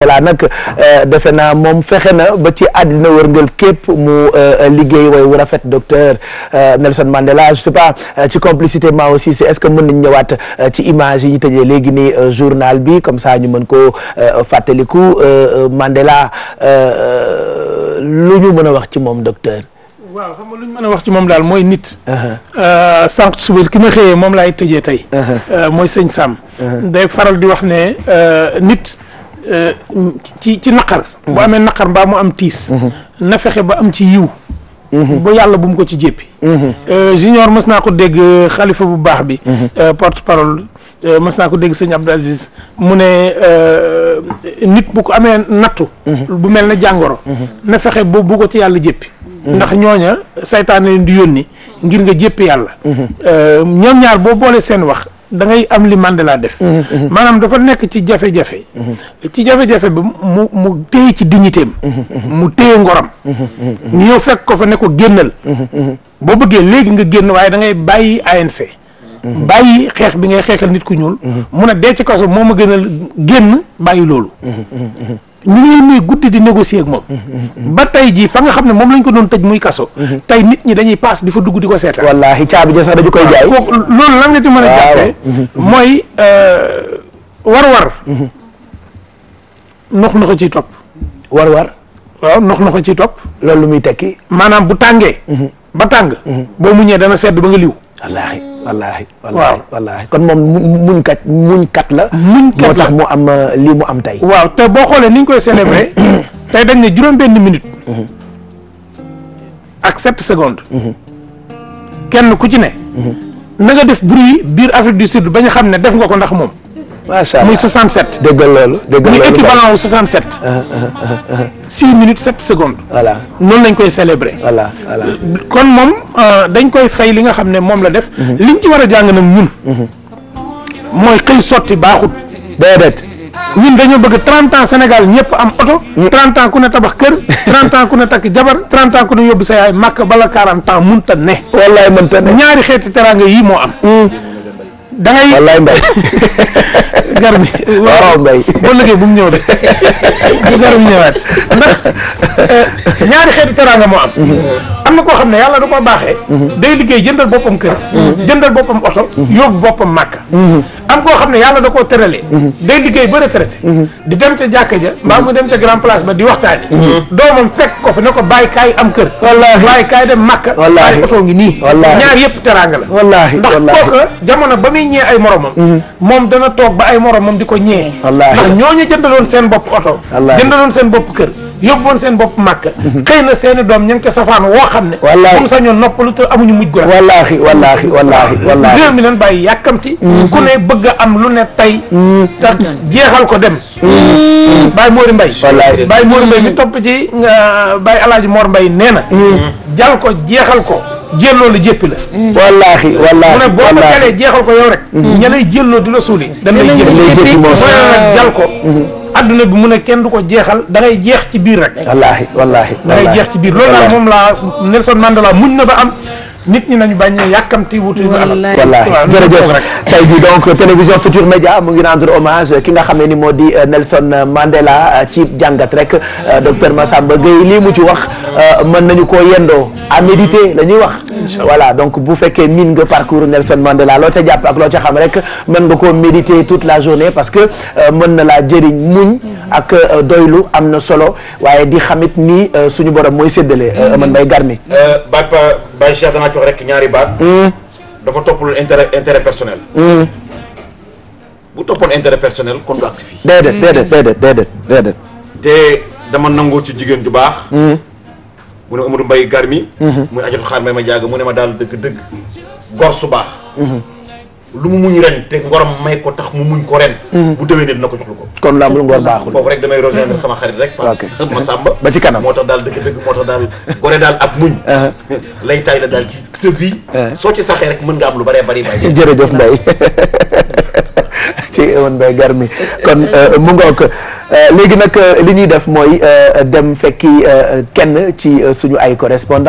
voilà nag euh, defe naa moom fexe na ba ci àddina wërngal képp mu euh, liggéey way wu rafet docteur euh, Nelson Mandela je sais pas ci complicité aussi c'est est-ce que mën nañ ñëwaat ci image yi ñu tëjee léegi nii journal bi comme ça ñu mën ko fàttaliku Mandela lu ñu mën a wax ci moom docteur waaw mën a wax ci moom daal mooy nit. Uh-huh. sànq suba ki ma xëyee moom laay tëjee tey. Uh-huh. mooy sëñ Sam. Uh-huh. day faral di wax ne nit. ci ci naqar bu amee naqar mbaa mu am tiis na fexe ba am ci yiw ba yàlla bu mu ko ci jéppi euh, junior mës naa ko dégg euh, xalifa bu baax bi euh, porte parole mës naa ko dégg sëñ Abdou Aziz mu ne nit bu ko amee nattu bu mel ne jàngoro na fexe ba bu ko ci yàlla jéppi ndax ñooña saytaane leen di yónni ngir nga jéppi yàlla ñoom ñaar boo boolee seen wax da ngay am li Mandela def. Mm-hmm, mm-hmm. maanaam dafa nekk ci jafe-jafe. Mm-hmm. ci jafe-jafe bi mu mu téye ci dignitéem mu téye ngoram. ñu yow fekk ko fa ne ko génnal. boo bëggee léegi nga génn waaye da ngay bàyyi ANC. bàyyi xeex bi ngay xeexal nit ku ñuul. mun a dee ci kaso moom ma gënal génn bàyyi loolu. ñu ngi muy guddi di négocier ak moom. Mm-hmm, mm-hmm, mm-hmm. ba tey jii fa nga xam ne moom lañ ko doon tëj muy kaso. tey nit ñi dañuy paas di fa dugg di ko seetaan. wallaahi caabi ja sax dañu koy jaay. loolu lan nga ci mën a mooy euh, war-war. nox noxo ci topp. war-war. waaw nox noxo ci topp. loolu lu muy tekki. maanaam bu tàngee. ba tàng. boo muñee dana sedd ba nga liw. wallaahi wallaahi wallaahi kon moom muñ kat muñ kat la mu kat la moo tax mu am euh, lii mu am tey waaw te boo xoolee ni ñu koy célébrer tey dañ ne juróom benn minute mhm. ak sept mhm. kenn ku ci ne mhm. na def bruit biir Afrique du Sud ba ñu xam ne def nga ko ndax moom macha allah muy 67. déggal loolu déggal loolu muy équivalent wu 67. 6 ah, ah, ah, minutes 7 secondes. noonu lañ koy célébrer. voilà kon moom euh, dañ koy fay li nga xam ne moom la def. Mhm. liñ ci war a jàng nag ñun. Mhm. mooy xëy sotti baaxut. déedéet. ñun dañoo bëgg 30 ans Sénégal ñëpp am oto. 30 mm. ans ku ne tabax kër. 30 ans ku ne takk jabar. 30 ans ku ne yóbbu sa yaay màkk bala 40 ans mënta ne. wallaay mënta ne ñaari xeeti teraanga yii moo am. Mm. da ngay wallaay mbay gar bi waaw mbay boo liggéey bu mu ñëw de bu gar bi ñëwaat ndax eh, ñaari xeetu teraanga moo am mm-hmm. am na koo xam ne yàlla da koo baaxee mhm. day liggéey jëndal boppam kër mhm. jëndal boppam oto mhm. yóbbu boppam màkka am koo xam ne yàlla da koo tëralee day liggéey ba retraité di dem ca jàkka ja mbaa mu dem ca grand place ba di waxtaani doomam fekk ko fi ne ko bàyyi kaay am kër wallaahi bàyyi kaay dem màkka wallaahi oto ngi nii ñaar yëpp teraanga la wallaahi ndax kooka jamono ba muy ñee ay moromam moom dana toog ba ay moromam di ko ñee ndax ñooñu jëndaloon seen bopp oto jëndaloon seen bopp kër woon seen bopp màkk mhm. xëy na seen i doom ña ngi ko safaan woo xam ne bu mu sañoon noppalu te amuñu mujj gu wallaahi wallaahi wallaahi wallaahi réew mi leen bàyyi yàkkamti mhm. ku ne bëgg a am lu ne tey mhm. te jeexal ko dem Baye Mori Mbaye wallaahi Baye Mori Mbaye mi topp ci Baye Alaaji Mor Mbaye nee na jal ko jeexal ko jélloo la jéppi la wallaahi wallaahi mu boo ko jalee jeexal ko yow rek ña lay jélloo di la suuli dañ lay ko adduna bi mu ne kenn du ko jeexal da jeex ci biir rek. wallaahi wallaahi da ngay jeex ci biir loolu daal moom laa Nelson Mandela muñ na ba am. nit ñi nañu baññee yàkkamti wutu ñu alal wallaahi jërëjëf tey jii donc télévision Futur Média mu ngi rendre hommage ki nga xam ne ni moo di euh, Nelson Mandela euh, ci jàngat rek euh, docteur Massamba Gueye lii mu ci wax mën nañu ko yendoo à méditer la ñuy wax voilà donc bu fekkee min nga parcours Nelson Mandela loo ca jàpp ak loo ca xam rek mën nga koo méditer toute la journée parce que euh, mën na laa jëriñ muñ ak euh, doylu am na solo waaye di xamit nii euh, suñu borom mooy séddalee mm-hmm. man bay garmi baat pa bay Cheikh danaa jox rek ñaari baat mm-hmm. dafa toppul intérêt intérêt personnel mm-hmm. bu toppoon intérêt personnel kon du agsi fii déedéet déedéet déedéet déedéet te dama nangoo ci jigéen ju baax mu ne Amadou Mbaye Garmi. Mhm. muy ajatu xaar may ma jàgg mu ne ma daal dëgg-dëgg. gor su baax. Mhm. lu mu muñ ren te ngorom may ko tax mu muñ ko ren. Mhm. bu déwénee dina ko jox lu ko. kon làmb lu ngor baaxul foofu rek damay rejoindre sama xarit rek. ok ma sàmba ba ci kanam moo tax daal dëgg-dëgg moo tax daal gore daal ak muñ. Uh-huh. lay tay la daal ci sa vie. Uh-huh. soo ci saxee rek mën nga am lu bëree bëri. jërëjëf Mbaye. woon bay garmi kon euh, mu ngoog euh, léegi nag euh, li ñuy def mooy dem fekki kenn ci suñu ay correspondant